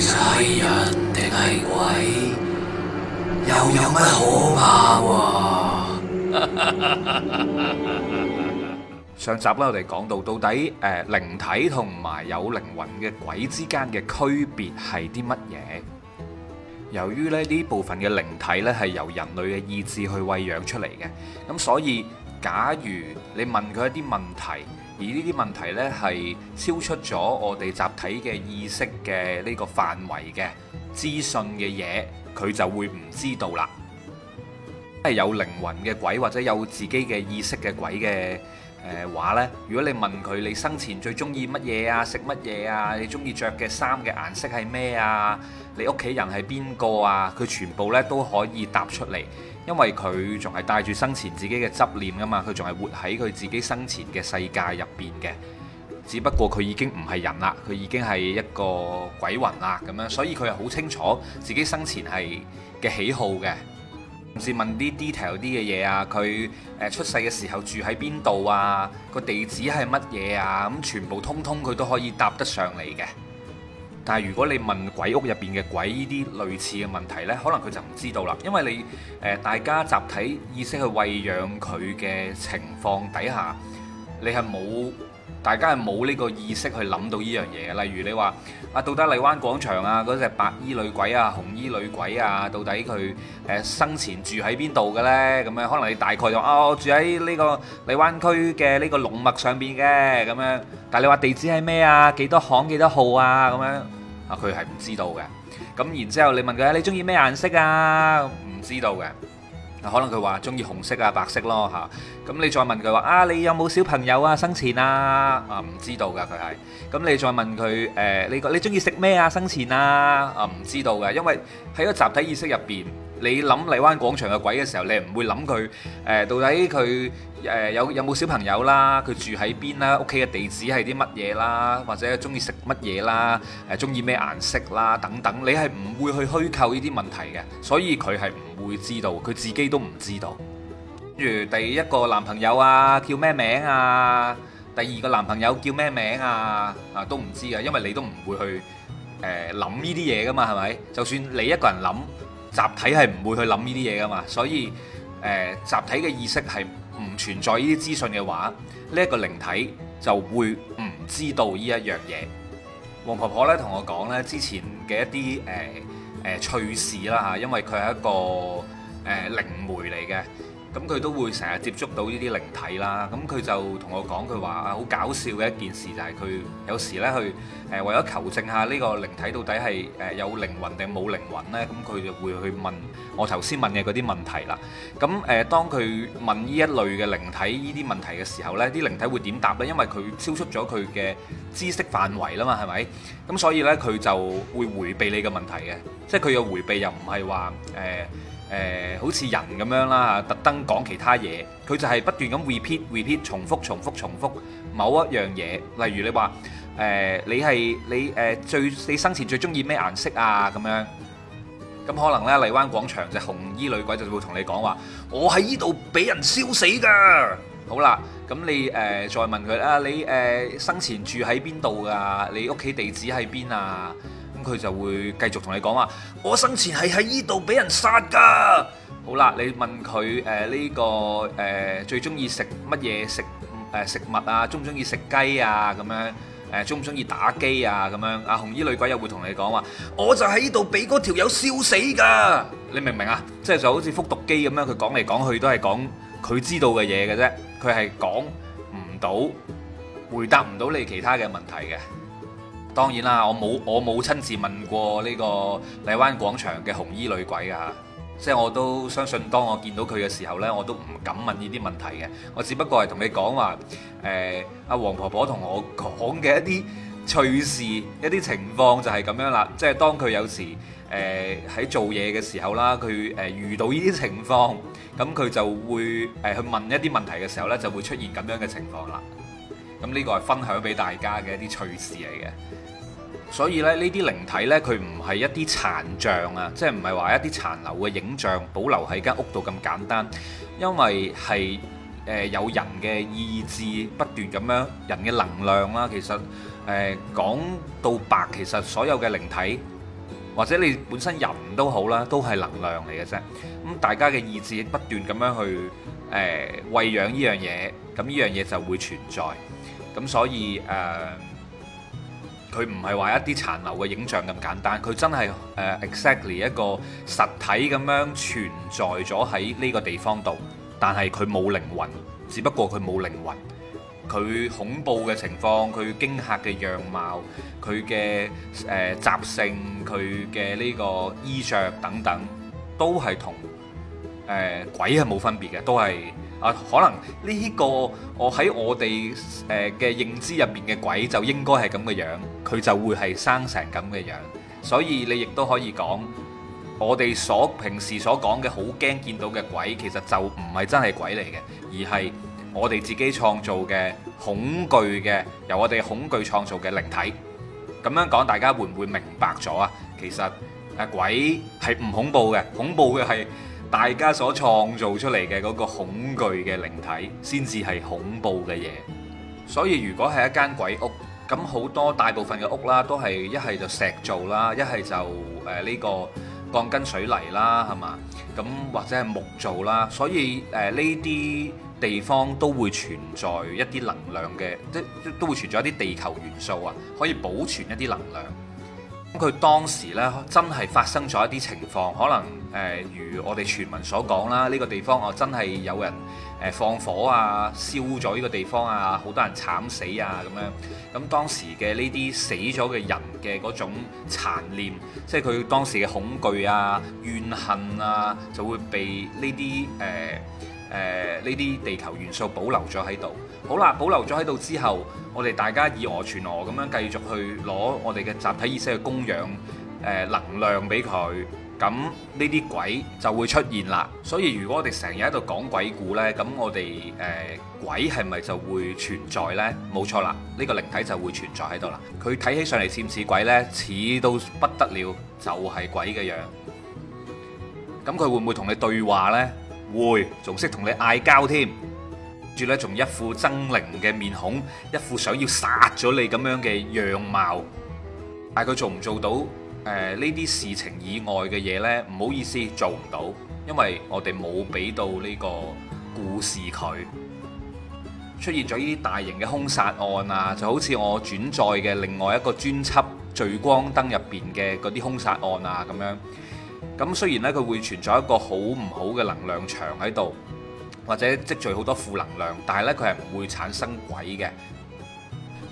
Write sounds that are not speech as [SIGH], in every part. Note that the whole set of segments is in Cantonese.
係人定係鬼，又有乜可怕？上集咧，我哋講到到底，誒，靈體同埋有靈魂嘅鬼之間嘅區別係啲乜嘢？由於咧呢部分嘅靈體咧係由人類嘅意志去餵養出嚟嘅，咁所以。假如你問佢一啲問題，而呢啲問題呢係超出咗我哋集體嘅意識嘅呢個範圍嘅資訊嘅嘢，佢就會唔知道啦。係有靈魂嘅鬼或者有自己嘅意識嘅鬼嘅誒話呢，如果你問佢你生前最中意乜嘢啊，食乜嘢啊，你中意着嘅衫嘅顏色係咩啊，你屋企人係邊個啊，佢全部呢都可以答出嚟。因為佢仲係帶住生前自己嘅執念噶嘛，佢仲係活喺佢自己生前嘅世界入邊嘅。只不過佢已經唔係人啦，佢已經係一個鬼魂啦咁樣，所以佢係好清楚自己生前係嘅喜好嘅。甚至問啲 detail 啲嘅嘢啊，佢誒出世嘅時候住喺邊度啊，個地址係乜嘢啊，咁全部通通佢都可以答得上嚟嘅。但係如果你問鬼屋入邊嘅鬼呢啲類似嘅問題呢，可能佢就唔知道啦，因為你誒、呃、大家集體意識去餵養佢嘅情況底下，你係冇。大家係冇呢個意識去諗到呢樣嘢，例如你話：啊，到底荔灣廣場啊，嗰隻白衣女鬼啊、紅衣女鬼啊，到底佢誒、啊、生前住喺邊度嘅呢？咁樣可能你大概就啊，住喺呢個荔灣區嘅呢個龍脈上邊嘅咁樣。但係你話地址係咩啊？幾多行、幾多號啊？咁樣啊，佢係唔知道嘅。咁然之後你問佢：你中意咩顏色啊？唔知道嘅。可能佢話中意紅色啊、白色咯嚇，咁、啊、你再問佢話啊，你有冇小朋友啊生前啊？啊唔知道噶佢係，咁你、啊、再問佢誒、呃、你個你中意食咩啊生前啊？啊唔知道嘅，因為喺個集體意識入邊，你諗荔灣廣場嘅鬼嘅時候，你唔會諗佢誒到底佢。誒有有冇小朋友啦？佢住喺邊啦？屋企嘅地址係啲乜嘢啦？或者中意食乜嘢啦？誒中意咩顏色啦？等等，你係唔會去虛構呢啲問題嘅，所以佢係唔會知道，佢自己都唔知道。譬如第一個男朋友啊，叫咩名啊？第二個男朋友叫咩名啊？啊都唔知啊，因為你都唔會去誒諗呢啲嘢噶嘛，係咪？就算你一個人諗，集體係唔會去諗呢啲嘢噶嘛，所以誒集體嘅意識係。唔存在呢啲資訊嘅話，呢一個靈體就會唔知道呢一樣嘢。黃婆婆呢，同我講呢之前嘅一啲誒誒趣事啦嚇，因為佢係一個誒靈媒嚟嘅。咁佢都會成日接觸到呢啲靈體啦，咁佢就同我講佢話啊好搞笑嘅一件事就係佢有時呢去誒為咗求證下呢個靈體到底係誒有靈魂定冇靈魂呢。咁佢就會去問我頭先問嘅嗰啲問題啦。咁誒、呃、當佢問呢一類嘅靈體呢啲問題嘅時候呢，啲靈體會點答呢？因為佢超出咗佢嘅知識範圍啦嘛，係咪？咁所以呢，佢就會迴避你嘅問題嘅，即係佢嘅迴避又唔係話誒。呃誒、呃、好似人咁樣啦，特登講其他嘢，佢就係不斷咁 repeat repeat 重複重複重複，重複某一樣嘢。例如你話誒、呃、你係你誒、呃、最你生前最中意咩顏色啊咁樣，咁可能呢，荔灣廣場就紅衣女鬼就會同你講，話我喺呢度俾人燒死㗎。好啦，咁你誒、呃、再問佢啦，你誒、呃、生前住喺邊度啊？你屋企地址喺邊啊？佢就會繼續同你講話，我生前係喺依度俾人殺㗎。好啦，你問佢誒呢個誒最中意食乜嘢食誒食物啊？中唔中意食雞啊？咁樣誒中唔中意打機啊？咁、啊、樣，阿紅衣女鬼又會同你講話，我就喺呢度俾嗰條友燒死㗎。 [MUSIC] 你明唔明啊？即係就好似復讀機咁樣，佢講嚟講去都係講佢知道嘅嘢嘅啫，佢係講唔到，回答唔到你其他嘅問題嘅。當然啦，我冇我冇親自問過呢個荔灣廣場嘅紅衣女鬼啊，即係我都相信，當我見到佢嘅時候呢，我都唔敢問呢啲問題嘅。我只不過係同你講話，誒阿黃婆婆同我講嘅一啲趣事，一啲情況就係咁樣啦。即係當佢有時誒喺做嘢嘅時候啦，佢誒遇到呢啲情況，咁佢就會誒、呃、去問一啲問題嘅時候呢，就會出現咁樣嘅情況啦。咁呢個係分享俾大家嘅一啲趣事嚟嘅。所以咧，呢啲靈體呢，佢唔係一啲殘像啊，即係唔係話一啲殘留嘅影像保留喺間屋度咁簡單，因為係誒有人嘅意志不斷咁樣，人嘅能量啦，其實誒講、呃、到白，其實所有嘅靈體或者你本身人都好啦，都係能量嚟嘅啫。咁大家嘅意志不斷咁樣去誒餵養呢樣嘢，咁呢樣嘢就會存在。咁所以誒。呃佢唔係話一啲殘留嘅影像咁簡單，佢真係誒 exactly 一個實體咁樣存在咗喺呢個地方度，但係佢冇靈魂，只不過佢冇靈魂，佢恐怖嘅情況，佢驚嚇嘅樣貌，佢嘅誒習性，佢嘅呢個衣着等等，都係同誒鬼係冇分別嘅，都係。可能呢個我喺我哋誒嘅認知入面嘅鬼就應該係咁嘅樣，佢就會係生成咁嘅樣。所以你亦都可以講，我哋所平時所講嘅好驚見到嘅鬼，其實就唔係真係鬼嚟嘅，而係我哋自己創造嘅恐懼嘅，由我哋恐懼創造嘅靈體。咁樣講，大家會唔會明白咗啊？其實鬼係唔恐怖嘅，恐怖嘅係。大家所創造出嚟嘅嗰個恐懼嘅靈體，先至係恐怖嘅嘢。所以如果係一間鬼屋，咁好多大部分嘅屋啦，都係一係就石造啦，一係就誒呢個鋼筋水泥啦，係嘛？咁或者係木造啦。所以誒呢啲地方都會存在一啲能量嘅，都都會存在一啲地球元素啊，可以保存一啲能量。咁佢當時咧真係發生咗一啲情況，可能誒、呃、如我哋傳聞所講啦，呢、呢個地方哦真係有人誒、呃、放火啊，燒咗呢個地方啊，好多人慘死啊咁樣。咁當時嘅呢啲死咗嘅人嘅嗰種殘念，即係佢當時嘅恐懼啊、怨恨啊，就會被呢啲誒。呃誒呢啲地球元素保留咗喺度，好啦，保留咗喺度之後，我哋大家以訛傳訛咁樣繼續去攞我哋嘅集體意識去供養誒、呃、能量俾佢，咁呢啲鬼就會出現啦。所以如果我哋成日喺度講鬼故呢，咁我哋誒、呃、鬼係咪就會存在呢？冇錯啦，呢、呢個靈體就會存在喺度啦。佢睇起上嚟似唔似鬼呢？似到不得了，就係、係、鬼嘅樣。咁佢會唔會同你對話呢？會仲識同你嗌交添，住咧仲一副猙獰嘅面孔，一副想要殺咗你咁樣嘅樣貌。但佢做唔做到誒呢啲事情以外嘅嘢呢？唔好意思，做唔到，因為我哋冇俾到呢個故事佢出現咗呢啲大型嘅兇殺案啊，就好似我轉載嘅另外一個專輯《聚光燈》入邊嘅嗰啲兇殺案啊咁樣。咁雖然呢，佢會存在一個好唔好嘅能量場喺度，或者積聚好多負能量，但係呢佢係唔會產生鬼嘅。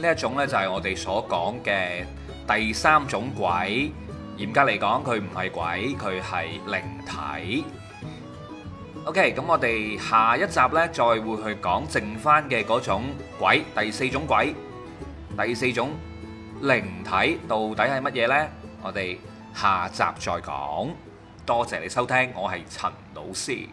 呢一種呢就係我哋所講嘅第三種鬼。嚴格嚟講，佢唔係鬼，佢係靈體。OK，咁我哋下一集呢再會去講剩返嘅嗰種鬼，第四種鬼，第四種靈體到底係乜嘢呢？我哋。下集再講，多謝你收聽，我係陳老師。